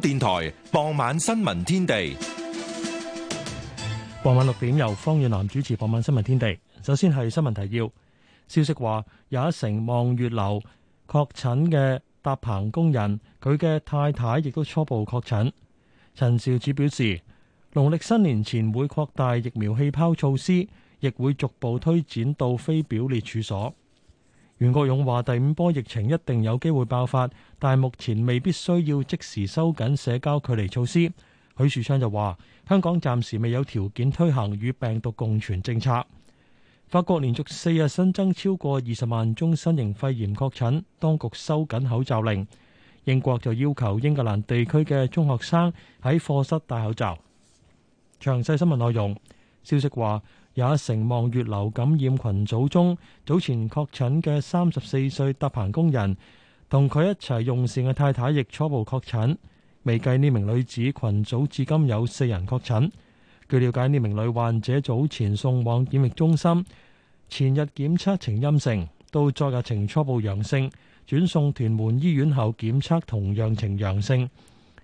電台傍晚新聞天地，傍晚六點由方遠南主持。傍晚新聞天地，首先係新聞提要。消息話，有一成望月樓確診嘅搭棚工人，佢嘅太太亦都初步確診。陳肇始表示，農曆新年前會擴大疫苗氣泡措施，亦會逐步推展到非表列處所。袁國勇話：第五波疫情一定有機會爆發，但係目前未必需要即時收緊社交距離措施。許樹昌就話：香港暫時未有條件推行與病毒共存政策。法國連續四日新增超過二十萬宗新型肺炎確診，當局收緊口罩令。英國就要求英格蘭地區嘅中學生喺課室戴口罩。詳細新聞內容，消息話。也成望月流感染群組中，早前確診嘅三十四歲搭棚工人，同佢一齊用膳嘅太太亦初步確診。未計呢名女子群組，至今有四人確診。據了解，呢名女患者早前送往檢疫中心，前日檢測呈陰性，到昨日呈初步陽性，轉送屯門醫院後檢測同樣呈陽性。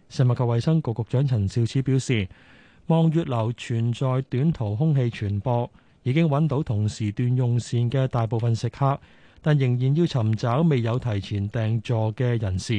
食物及衛生局局長陳肇始表示，望月樓存在短途空氣傳播，已經揾到同時段用膳嘅大部分食客，但仍然要尋找未有提前訂座嘅人士。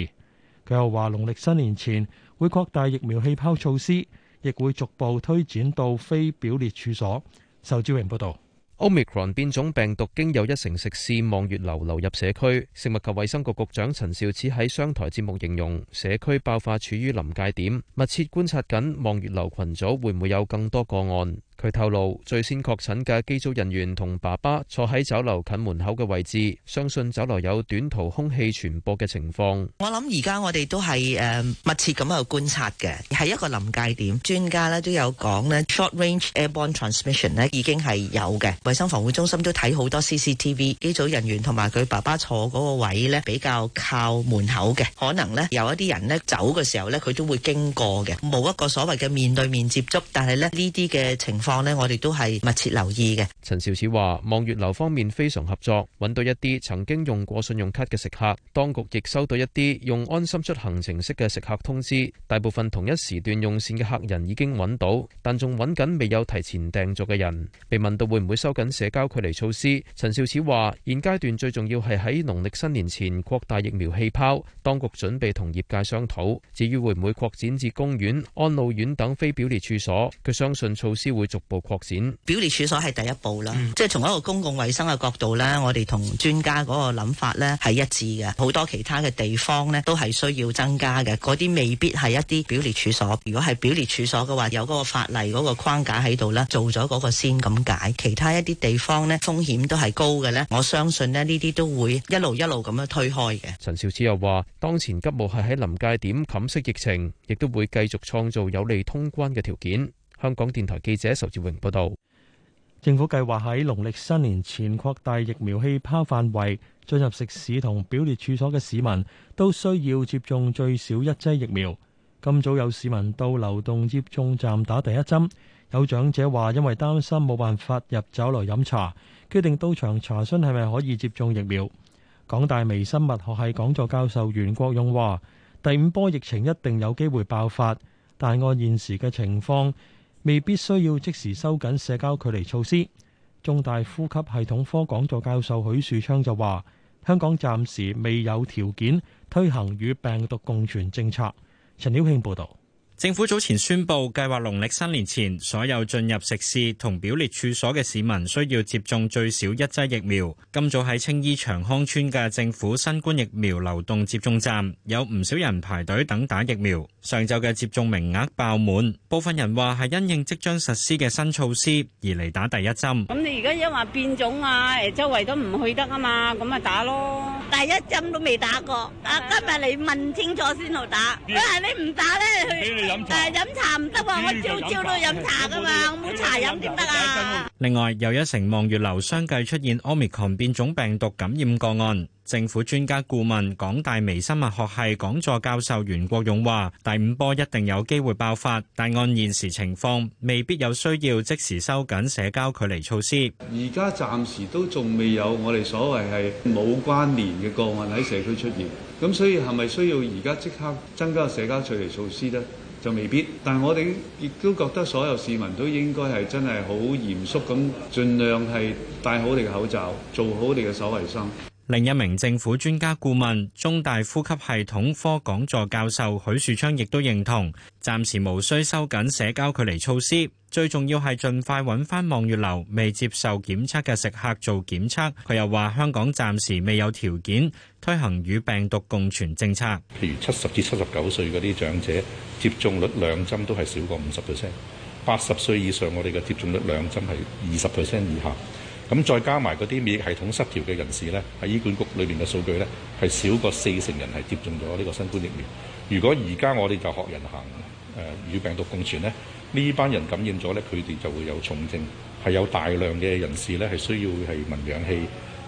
佢又話，農曆新年前會擴大疫苗氣泡措施，亦會逐步推展到非表列處所。仇志榮報道。Omicron 變種病毒經有一成食肆望月樓流，流入社區，食物及衛生局局長陳肇始喺商台節目形容，社區爆發處於臨界點，密切觀察緊望月樓群組會唔會有更多個案。佢透露，最先確診嘅機組人員同爸爸坐喺酒樓近門口嘅位置，相信酒樓有短途空氣傳播嘅情況。我諗而家我哋都係誒、呃、密切咁去觀察嘅，係一個臨界點。專家咧都有講咧 short range airborne transmission 咧已經係有嘅。衛生防護中心都睇好多 CCTV 機組人員同埋佢爸爸坐嗰個位咧比較靠門口嘅，可能咧有一啲人咧走嘅時候咧佢都會經過嘅，冇一個所謂嘅面對面接觸，但係咧呢啲嘅情。況呢，我哋都係密切留意嘅。陳肇始話望月樓方面非常合作，揾到一啲曾經用過信用卡嘅食客。當局亦收到一啲用安心出行程式嘅食客通知，大部分同一時段用膳嘅客人已經揾到，但仲揾緊未有提前訂座嘅人。被問到會唔會收緊社交距離措施，陳肇始話現階段最重要係喺農曆新年前擴大疫苗氣泡，當局準備同業界商討，至於會唔會擴展至公園安老院等非表列處所，佢相信措施會。逐步擴展表列處所係第一步啦，嗯、即係從一個公共衞生嘅角度咧，我哋同專家嗰個諗法咧係一致嘅。好多其他嘅地方咧都係需要增加嘅，嗰啲未必係一啲表列處所。如果係表列處所嘅話，有嗰個法例嗰個框架喺度咧，做咗嗰個先咁解。其他一啲地方咧風險都係高嘅咧，我相信咧呢啲都會一路一路咁樣推開嘅。陳肇始又話，當前急務係喺臨界點冚熄疫情，亦都會繼續創造有利通關嘅條件。香港電台記者仇志榮報道，政府計劃喺農曆新年前擴大疫苗氣泡範圍，進入食肆同表列處所嘅市民都需要接種最少一劑疫苗。今早有市民到流動接種站打第一針，有長者話因為擔心冇辦法入酒樓飲茶，決定到場查詢係咪可以接種疫苗。港大微生物學系講座教授袁國勇話：第五波疫情一定有機會爆發，但按現時嘅情況。未必需要即時收緊社交距離措施。重大呼吸系統科講座教授許樹昌就話，香港暫時未有條件推行與病毒共存政策。陳曉慶報道。政府早前宣布，計劃農曆新年前所有進入食肆同表列處所嘅市民需要接種最少一劑疫苗。今早喺青衣長康村嘅政府新冠疫苗流動接種站，有唔少人排隊等打疫苗。上晝嘅接種名額爆滿，部分人話係因應即將實施嘅新措施而嚟打第一針。咁你而家因為變種啊，周圍都唔去得啊嘛，咁咪打咯。第一針都未打過，啊！今日你問清楚先好打。佢啊，你唔打咧去？誒飲茶唔得喎，我朝朝都飲茶噶嘛，冇茶飲點得啊！另外，又一城望月樓相繼出現 Omicron 變種病毒感染個案。政府專家顧問、港大微生物學系講座教授袁國勇話：第五波一定有機會爆發，但按現時情況，未必有需要即時收緊社交距離措施。而家暫時都仲未有我哋所謂係冇關聯嘅個案喺社區出現，咁所以係咪需要而家即刻增加社交距離措施呢？就未必。但係我哋亦都覺得所有市民都應該係真係好嚴肅咁，盡量係戴好你嘅口罩，做好你嘅手衞生。另一名政府專家顧問、中大呼吸系統科講座教授許樹昌亦都認同，暫時無需收緊社交距離措施，最重要係盡快揾返望月樓未接受檢測嘅食客做檢測。佢又話：香港暫時未有條件推行與病毒共存政策。譬如七十至七十九歲嗰啲長者，接種率兩針都係少過五十 percent；八十歲以上，我哋嘅接種率兩針係二十 percent 以下。咁再加埋嗰啲免疫系統失調嘅人士咧，喺醫管局裏邊嘅數據咧，係少過四成人係接種咗呢個新冠疫苗。如果而家我哋就學人行誒與、呃、病毒共存咧，呢班人感染咗咧，佢哋就會有重症，係有大量嘅人士咧，係需要係聞氧氣，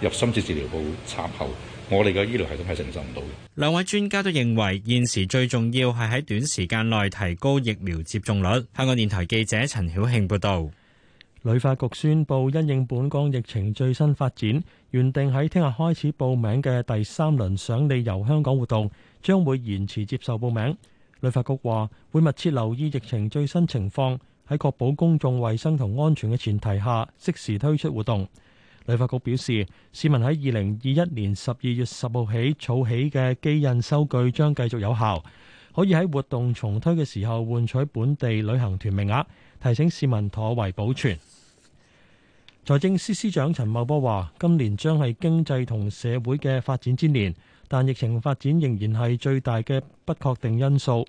入深切治療部插喉，我哋嘅醫療系統係承受唔到嘅。兩位專家都認為現時最重要係喺短時間內提高疫苗接種率。香港電台記者陳曉慶報道。旅發局宣布，因應本港疫情最新發展，原定喺聽日開始報名嘅第三輪賞你遊香港活動，將會延遲接受報名。旅發局話會密切留意疫情最新情況，喺確保公眾衛生同安全嘅前提下，適時推出活動。旅發局表示，市民喺二零二一年十二月十號起儲起嘅機印收據將繼續有效，可以喺活動重推嘅時候換取本地旅行團名額。提醒市民妥為保存。財政司司長陳茂波話，今年將係經濟同社會嘅發展之年，但疫情發展仍然係最大嘅不確定因素。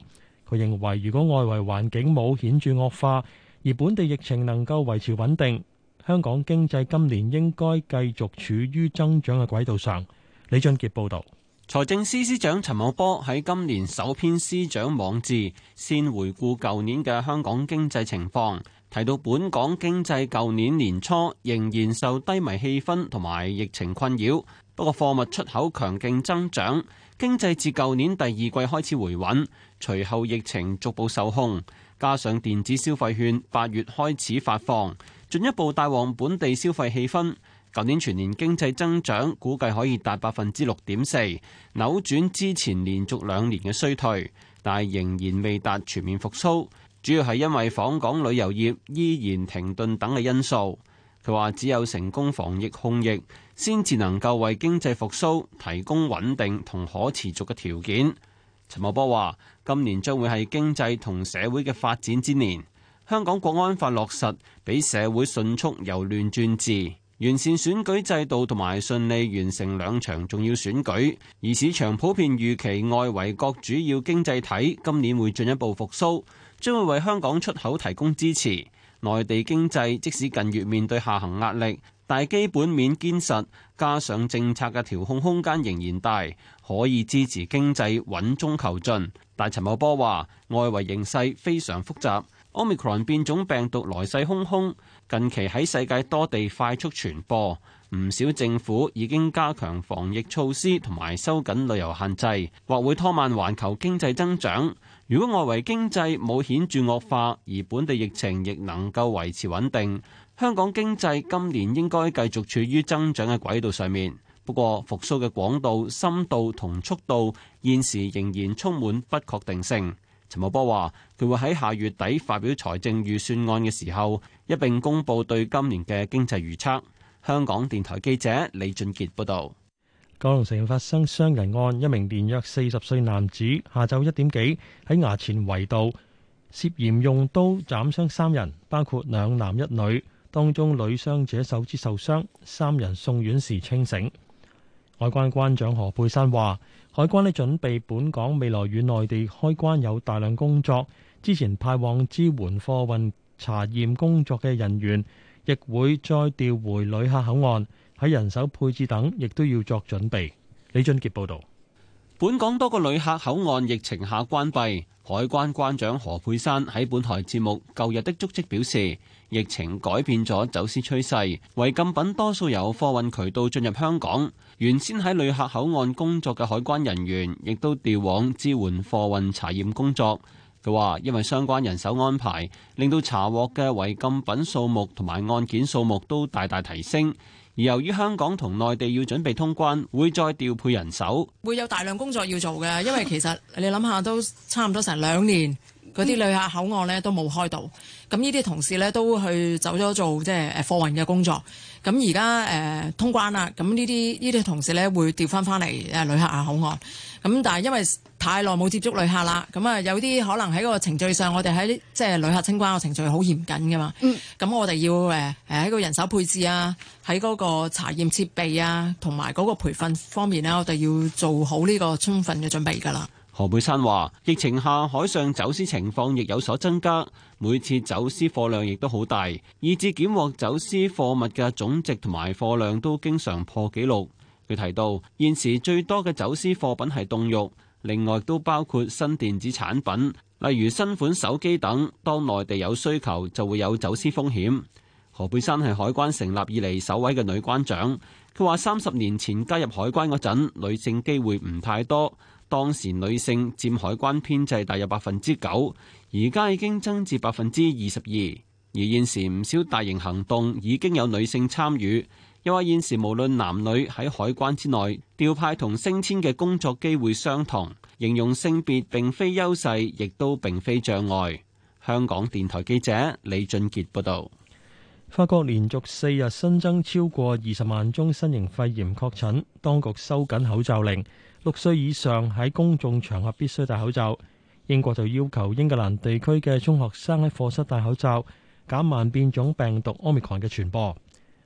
佢認為，如果外圍環境冇顯著惡化，而本地疫情能夠維持穩定，香港經濟今年應該繼續處於增長嘅軌道上。李俊傑報道。財政司司長陳茂波喺今年首篇司長網誌，先回顧舊年嘅香港經濟情況。提到本港經濟，舊年年初仍然受低迷氣氛同埋疫情困擾，不過貨物出口強勁增長，經濟自舊年第二季開始回穩，隨後疫情逐步受控，加上電子消費券八月開始發放，進一步帶旺本地消費氣氛。舊年全年經濟增長估計可以達百分之六點四，扭轉之前連續兩年嘅衰退，但係仍然未達全面復甦。主要係因為訪港旅遊業依然停頓等嘅因素，佢話只有成功防疫控疫，先至能夠為經濟復甦提供穩定同可持續嘅條件。陳茂波話：今年將會係經濟同社會嘅發展之年。香港國安法落實，俾社會迅速由亂轉治，完善選舉制度同埋順利完成兩場重要選舉。而市場普遍預期外圍各主要經濟體今年會進一步復甦。將會為香港出口提供支持。內地經濟即使近月面對下行壓力，但基本面堅實，加上政策嘅調控空間仍然大，可以支持經濟穩中求進。但陳茂波話：外圍形勢非常複雜，Omicron 變種病毒來勢洶洶，近期喺世界多地快速傳播。唔少政府已經加強防疫措施同埋收緊旅遊限制，或會拖慢環球經濟增長。如果外圍經濟冇顯著惡化，而本地疫情亦能夠維持穩定，香港經濟今年應該繼續處於增長嘅軌道上面。不過，復甦嘅廣度、深度同速度，現時仍然充滿不確定性。陳茂波話：佢會喺下月底發表財政預算案嘅時候，一並公布對今年嘅經濟預測。香港電台記者李俊杰報道：九龍城發生傷人案，一名年約四十歲男子下晝一點幾喺衙前圍道涉嫌用刀斬傷三人，包括兩男一女，當中女傷者手指受傷，三人送院時清醒。海關關長何佩珊話：海關呢準備本港未來與內地開關有大量工作，之前派往支援貨運查驗工作嘅人員。亦會再調回旅客口岸，喺人手配置等，亦都要作準備。李俊傑報導，本港多個旅客口岸疫情下關閉，海關關長何佩珊喺本台節目《舊日的足跡》表示，疫情改變咗走私趨勢，違禁品多數由貨運渠道進入香港。原先喺旅客口岸工作嘅海關人員，亦都調往支援貨運查驗工作。佢話：因為相關人手安排，令到查獲嘅違禁品數目同埋案件數目都大大提升。而由於香港同內地要準備通關，會再調配人手，會有大量工作要做嘅。因為其實 你諗下，都差唔多成兩年。嗰啲旅客口岸咧都冇開到，咁呢啲同事咧都去走咗做即係誒貨運嘅工作，咁而家誒通關啦，咁呢啲呢啲同事咧會調返返嚟誒旅客啊口岸，咁但係因為太耐冇接觸旅客啦，咁啊有啲可能喺個程序上，我哋喺即係旅客清關嘅程序好嚴謹㗎嘛，咁、嗯嗯、我哋要誒誒喺個人手配置啊，喺嗰個查驗設備啊，同埋嗰個培訓方面呢，我哋要做好呢個充分嘅準備㗎啦。何珮珊話，疫情下海上走私情況亦有所增加，每次走私貨量亦都好大，以致檢獲走私貨物嘅總值同埋貨量都經常破紀錄。佢提到現時最多嘅走私貨品係凍肉，另外都包括新電子產品，例如新款手機等。當內地有需求，就會有走私風險。何珮珊係海關成立以嚟首位嘅女關長。佢話三十年前加入海關嗰陣，女性機會唔太多。當時女性佔海關編制大約百分之九，而家已經增至百分之二十二。而現時唔少大型行動已經有女性參與，又話現時無論男女喺海關之內，調派同升遷嘅工作機會相同，形容性別並非優勢，亦都並非障礙。香港電台記者李俊傑報導。法國連續四日新增超過二十萬宗新型肺炎確診，當局收緊口罩令。六歲以上喺公眾場合必須戴口罩。英國就要求英格蘭地區嘅中學生喺課室戴口罩，減慢變種病毒 Omicron 嘅傳播。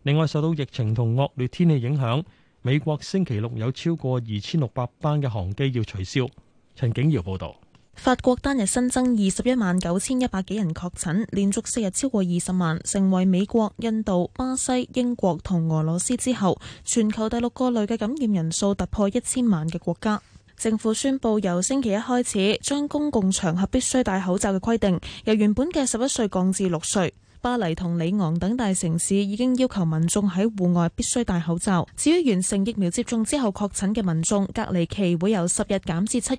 另外，受到疫情同惡劣天氣影響，美國星期六有超過二千六百班嘅航機要取消。陳景堯報道。法國單日新增二十一萬九千一百幾人確診，連續四日超過二十萬，成為美國、印度、巴西、英國同俄羅斯之後，全球第六個累計感染人數突破一千萬嘅國家。政府宣布由星期一開始，將公共場合必須戴口罩嘅規定由原本嘅十一歲降至六歲。巴黎同里昂等大城市已經要求民眾喺戶外必須戴口罩。至於完成疫苗接種之後確診嘅民眾，隔離期會由十日減至七日。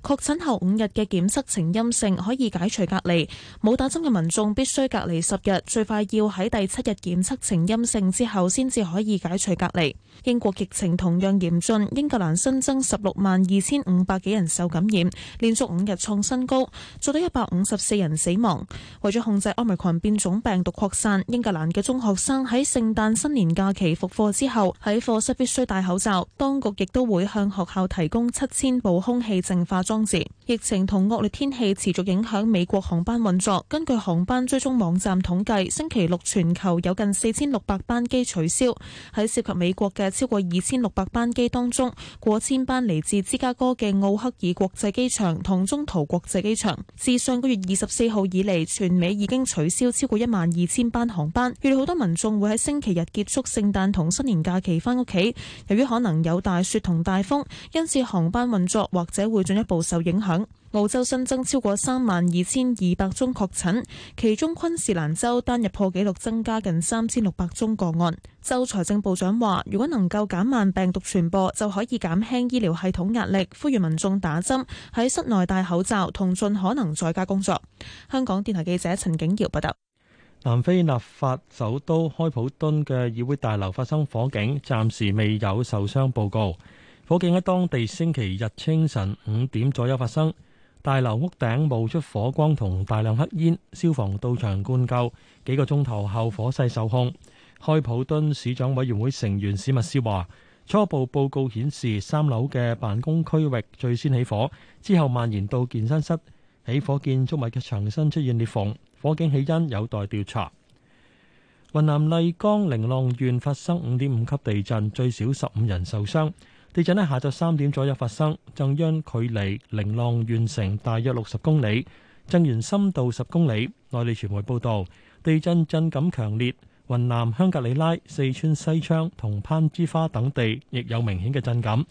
確診後五日嘅檢測呈陰性，可以解除隔離。冇打針嘅民眾必須隔離十日，最快要喺第七日檢測呈陰性之後先至可以解除隔離。英國疫情同樣嚴峻，英格蘭新增十六萬二千五百幾人受感染，連續五日創新高，做到一百五十四人死亡。為咗控制奧密克戎變種，病毒擴散，英格蘭嘅中學生喺聖誕新年假期復課之後，喺課室必須戴口罩。當局亦都會向學校提供七千部空氣淨化裝置。疫情同惡劣天氣持續影響美國航班運作。根據航班追蹤網站統計，星期六全球有近四千六百班機取消。喺涉及美國嘅超過二千六百班機當中，過千班嚟自芝加哥嘅奧克爾國際機場同中途國際機場。自上個月二十四號以嚟，全美已經取消超過一萬二千班航班，預料好多民眾會喺星期日結束聖誕同新年假期返屋企。由於可能有大雪同大風，因此航班運作或者會進一步受影響。澳洲新增超過三萬二千二百宗確診，其中昆士蘭州單日破紀錄增加近三千六百宗個案。州財政部長話，如果能夠減慢病毒傳播，就可以減輕醫療系統壓力。呼籲民眾打針，喺室內戴口罩，同盡可能在家工作。香港電台記者陳景堯報道。南非立法首都開普敦嘅議會大樓發生火警，暫時未有受傷報告。火警喺當地星期日清晨五點左右發生，大樓屋頂冒出火光同大量黑煙，消防到場灌救，幾個鐘頭後火勢受控。開普敦市長委員會成員史密斯話，初步報告顯示，三樓嘅辦公區域最先起火，之後蔓延到健身室。起火建築物嘅牆身出現裂縫。火警起因有待調查。雲南麗江寧蒗縣發生五點五級地震，最少十五人受傷。地震喺下晝三點左右發生，震央距離寧蒗縣城大約六十公里，震源深度十公里。內地傳媒報道，地震震感強烈，雲南香格里拉、四川西昌同攀枝花等地亦有明顯嘅震感。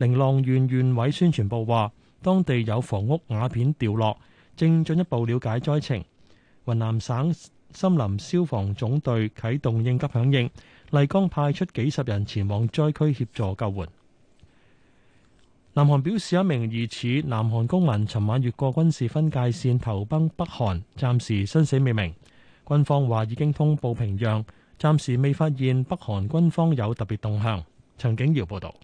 寧蒗縣縣委宣傳部話，當地有房屋瓦片掉落，正進一步了解災情。雲南省森林消防總隊啟動應急響應，麗江派出幾十人前往災區協助救援。南韓表示，一名疑似南韓公民尋晚越過軍事分界線投奔北韓，暫時生死未明。軍方話已經通報平壤，暫時未發現北韓軍方有特別動向。陳景耀報道。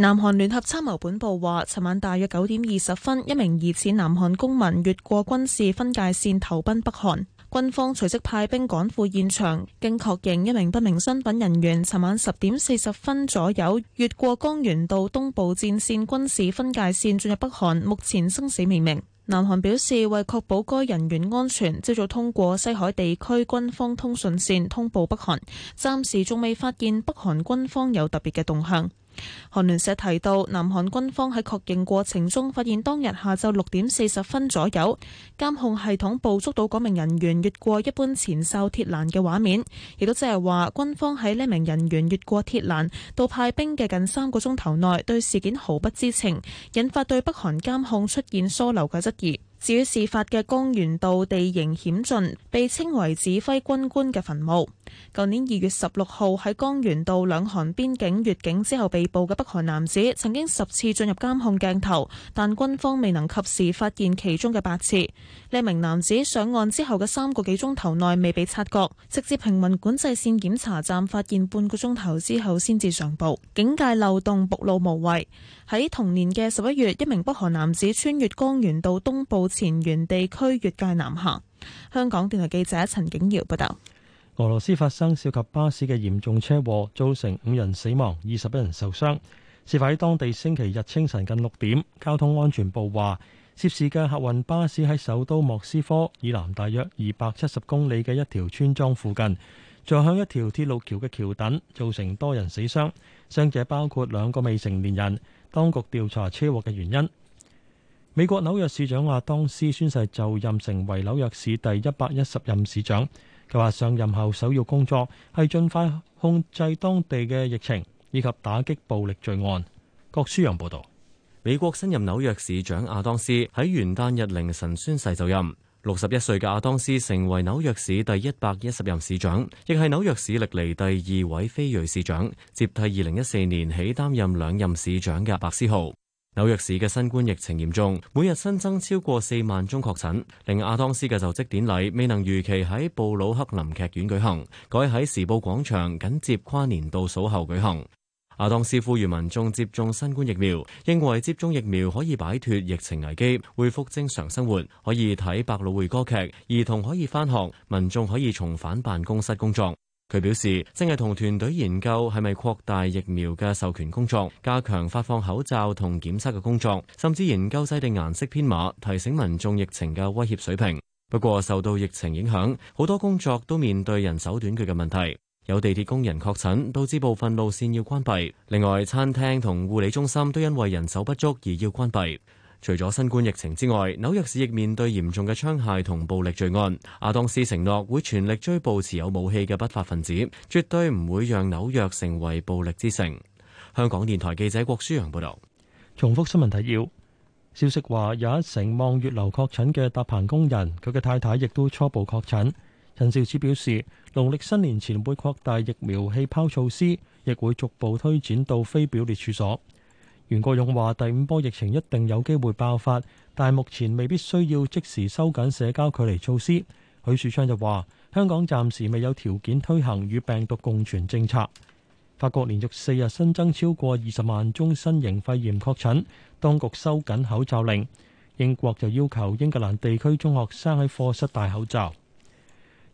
南韓聯合參謀本部話，尋晚大約九點二十分，一名疑似南韓公民越過軍事分界線投奔北韓，軍方隨即派兵趕赴現場，經確認一名不明身份人員，尋晚十點四十分左右越過江原道東部戰線軍事分界線進入北韓，目前生死未明。南韓表示，為確保該人員安全，朝早通過西海地區軍方通訊線通報北韓，暫時仲未發現北韓軍方有特別嘅動向。韓聯社提到，南韓軍方喺確認過程中發現，當日下晝六點四十分左右，監控系統捕捉到嗰名人員越過一般前哨鐵欄嘅畫面，亦都即係話，軍方喺呢名人員越過鐵欄到派兵嘅近三個鐘頭內，對事件毫不知情，引發對北韓監控出現疏漏嘅質疑。至於事發嘅江原道地形險峻，被稱為指揮軍官嘅墳墓。舊年二月十六號喺江原道兩韓邊境越境之後被捕嘅北韓男子，曾經十次進入監控鏡頭，但軍方未能及時發現其中嘅八次。呢名男子上岸之後嘅三個幾鐘頭內未被察覺，直至平民管制線檢查站發現半個鐘頭之後先至上報。警戒漏洞暴露無遺。喺同年嘅十一月，一名北韓男子穿越江原道東部。前緣地區越界南下。香港電台記者陳景瑤報道。俄羅斯發生涉及巴士嘅嚴重車禍，造成五人死亡、二十一人受傷。事發喺當地星期日清晨近六點。交通安全部話，涉事嘅客運巴士喺首都莫斯科以南大約二百七十公里嘅一條村莊附近撞向一條鐵路橋嘅橋墩，造成多人死傷，傷者包括兩個未成年人。當局調查車禍嘅原因。美國紐約市長阿當斯宣誓就任，成為紐約市第一百一十任市長。佢話上任後首要工作係盡快控制當地嘅疫情，以及打擊暴力罪案。郭書洋報道。美國新任紐約市長阿當斯喺元旦日凌晨宣誓就任。六十一歲嘅阿當斯成為紐約市第一百一十任市長，亦係紐約市歷嚟第二位非裔市長，接替二零一四年起擔任兩任市長嘅白思豪。紐約市嘅新冠疫情嚴重，每日新增超過四萬宗確診，令阿當斯嘅就職典禮未能如期喺布魯克林劇院舉行，改喺時報廣場緊接跨年倒數後舉行。阿當斯呼籲民眾接種新冠疫苗，因為接種疫苗可以擺脫疫情危機，恢復正常生活，可以睇百老匯歌劇，兒童可以返學，民眾可以重返辦公室工作。佢表示，正係同團隊研究係咪擴大疫苗嘅授權工作，加強發放口罩同檢測嘅工作，甚至研究制定顏色編碼，提醒民眾疫情嘅威脅水平。不過，受到疫情影響，好多工作都面對人手短缺嘅問題。有地鐵工人確診，導致部分路綫要關閉。另外，餐廳同護理中心都因為人手不足而要關閉。除咗新冠疫情之外，紐約市亦面對嚴重嘅槍械同暴力罪案。阿當斯承諾會全力追捕持有武器嘅不法分子，絕對唔會讓紐約成為暴力之城。香港電台記者郭舒陽報道。重複新聞提要，消息話有一成望月樓確診嘅搭棚工人，佢嘅太太亦都初步確診，陳肇始表示，農曆新年前會擴大疫苗氣泡措施，亦會逐步推展到非表列處所。袁國勇話：第五波疫情一定有機會爆發，但係目前未必需要即時收緊社交距離措施。許樹昌就話：香港暫時未有條件推行與病毒共存政策。法國連續四日新增超過二十萬宗新型肺炎確診，當局收緊口罩令。英國就要求英格蘭地區中學生喺課室戴口罩。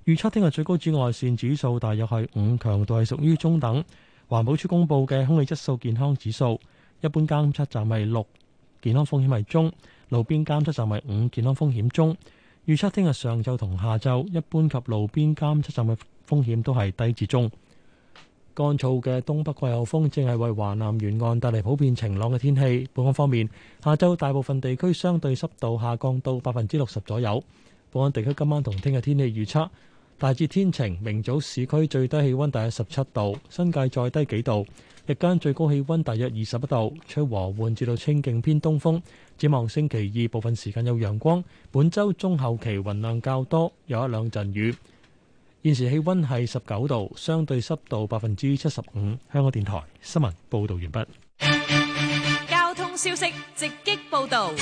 預測聽日最高紫外線指數大約係五，強度係屬於中等。環保署公布嘅空氣質素健康指數，一般監測站係六，健康風險係中，路邊監測站係五，健康風險中。預測聽日上晝同下晝一般及路邊監測站嘅風險都係低至中。乾燥嘅東北季候風正係為華南沿岸帶嚟普遍晴朗嘅天氣。本港方面，下晝大部分地區相對濕度下降到百分之六十左右。本港地區今晚同聽日天氣預測。大致天晴，明早市區最低氣溫大約十七度，新界再低幾度。日間最高氣溫大約二十一度，吹和緩至到清勁偏東風。展望星期二部分時間有陽光，本周中後期雲量較多，有一兩陣雨。現時氣溫係十九度，相對濕度百分之七十五。香港電台新聞報道完畢。交通消息直擊報道。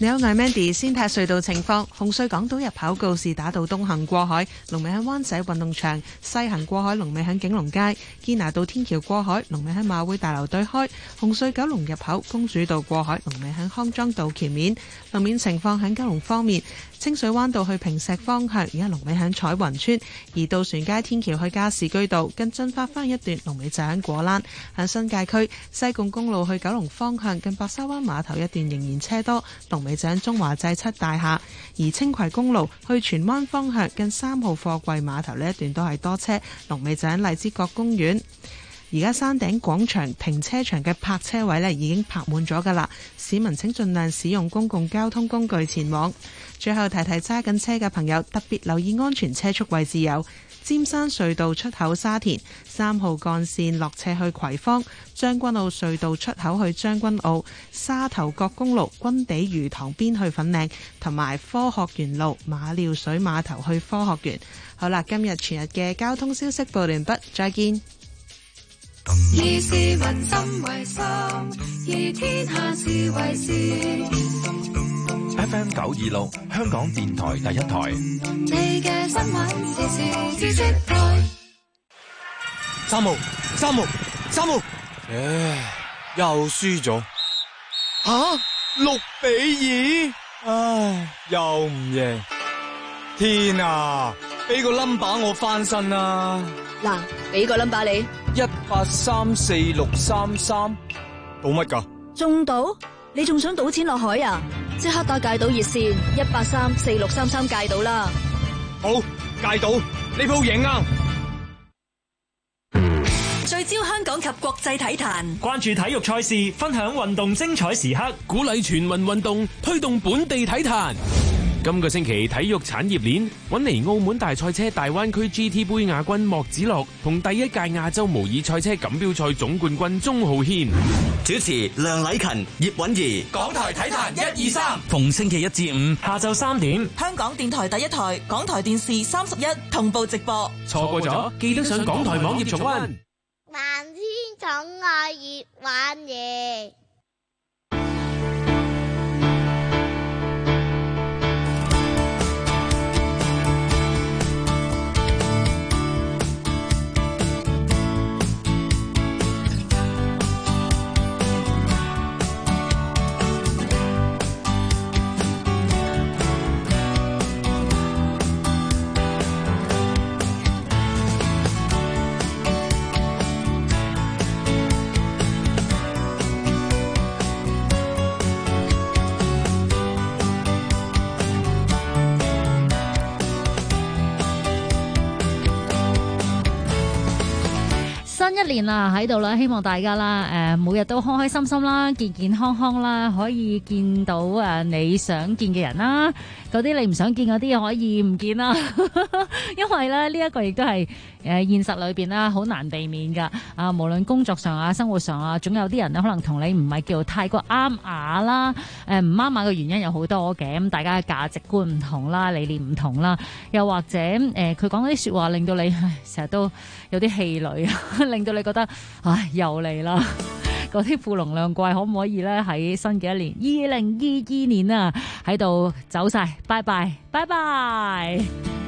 你好，我係 Mandy，先睇隧道情況。紅隧港島入口告士打道東行過海，龍尾喺灣仔運動場；西行過海，龍尾喺景隆街。堅拿道天橋過海，龍尾喺馬會大樓對開。紅隧九龍入口公主道過海，龍尾喺康莊道橋面。路面情況喺九龍方面，清水灣道去坪石方向，而家龍尾喺彩雲村。而渡船街天橋去加士居道，近進發翻一段龍尾就喺果欄，喺新界區。西貢公路去九龍方向，近白沙灣碼頭一段仍然車多，龍尾站中華製漆大廈，而青葵公路去荃灣方向，近三號貨櫃碼頭呢一段都係多車。龍尾就喺荔枝角公園。而家山頂廣場停車場嘅泊車位呢，已經泊滿咗噶啦。市民請盡量使用公共交通工具前往。最後提提揸緊車嘅朋友，特別留意安全車速位置有。尖山隧道出口、沙田三號幹線落斜去葵芳、將軍澳隧道出口去將軍澳、沙頭角公路軍地魚塘邊去粉嶺，同埋科學園路馬料水碼頭去科學園。好啦，今日全日嘅交通消息報完畢，再見。以 FM 九二六，香港電台第一台。三號，三號，三號，唉，又輸咗。吓，六比二，唉，又唔贏。天啊，俾個 number 我翻身啊。嗱，俾個 number 你，一八三四六三三，中乜噶？中到。你仲想賭錢落海啊？即刻打戒賭熱線一八三四六三三戒賭啦！好戒賭你鋪型啊！聚焦香港及國際體壇，關注體育賽事，分享運動精彩時刻，鼓勵全民運動，推動本地體壇。今個星期體育產業鏈揾嚟，澳門大賽車大灣區 GT 杯亞軍莫子樂同第一屆亞洲模擬賽車錦標賽總冠軍鍾浩軒，主持梁禮勤、葉韻儀。港台體壇一二三，逢星期一至五下晝三點，香港電台第一台、港台電視三十一同步直播，錯過咗記得上港台網頁重溫萬千寵愛葉玩嘢。啦喺度啦，希望大家啦，誒每日都開開心心啦，健健康康啦，可以見到誒你想見嘅人啦，嗰啲你唔想見嗰啲可以唔見啦， 因為咧呢一個亦都係。誒，現實裏邊啦，好難避免噶。啊，無論工作上啊，生活上啊，總有啲人咧，可能同你唔係叫太過啱眼啦。誒、呃，唔啱眼嘅原因有好多嘅。咁大家嘅價值觀唔同啦，理念唔同啦，又或者誒，佢講嗰啲說話令到你成日都有啲氣餒，令到你覺得唉又嚟啦。嗰 啲負能量貴可唔可以咧？喺新嘅一年二零二二年啊，喺度走晒。拜拜，拜拜。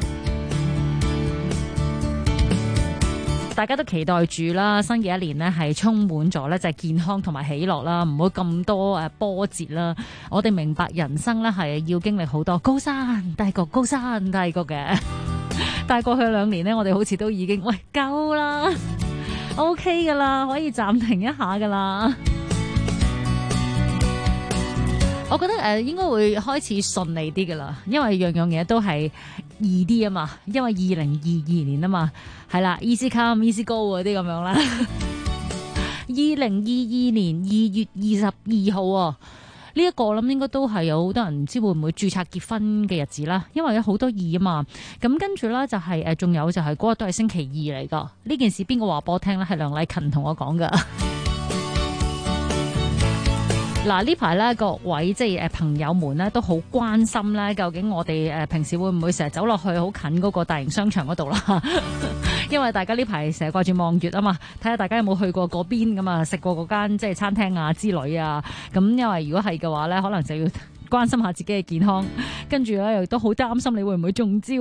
大家都期待住啦，新嘅一年咧係充滿咗咧，就係健康同埋喜樂啦，唔好咁多誒波折啦。我哋明白人生咧係要經歷好多高山低谷，高山低谷嘅。 但係過去兩年咧，我哋好似都已經喂夠啦，OK 噶啦，可以暫停一下噶啦。我覺得誒、呃，應該會開始順利啲噶啦，因為樣樣嘢都係易啲啊嘛，因為二零二二年啊嘛，係啦，easy come、easy go 嗰啲咁樣啦。二零二二年二月二十二號呢一個，我諗應該都係有好多人唔知會唔會注冊結婚嘅日子啦，因為有好多二啊嘛。咁跟住啦、就是，就係誒，仲有就係嗰日都係星期二嚟噶。呢件事邊個話俾我聽咧？係梁麗勤同我講噶。 嗱呢排咧，各位即係誒朋友們咧，都好關心咧，究竟我哋誒平時會唔會成日走落去好近個大型商場度啦？ 因為大家呢排成日掛住望月啊嘛，睇下大家有冇去過邊咁啊，食過間即係餐廳啊之類啊。咁因為如果係嘅話咧，可能就要關心下自己嘅健康，跟住咧又都好擔心你會唔會中招。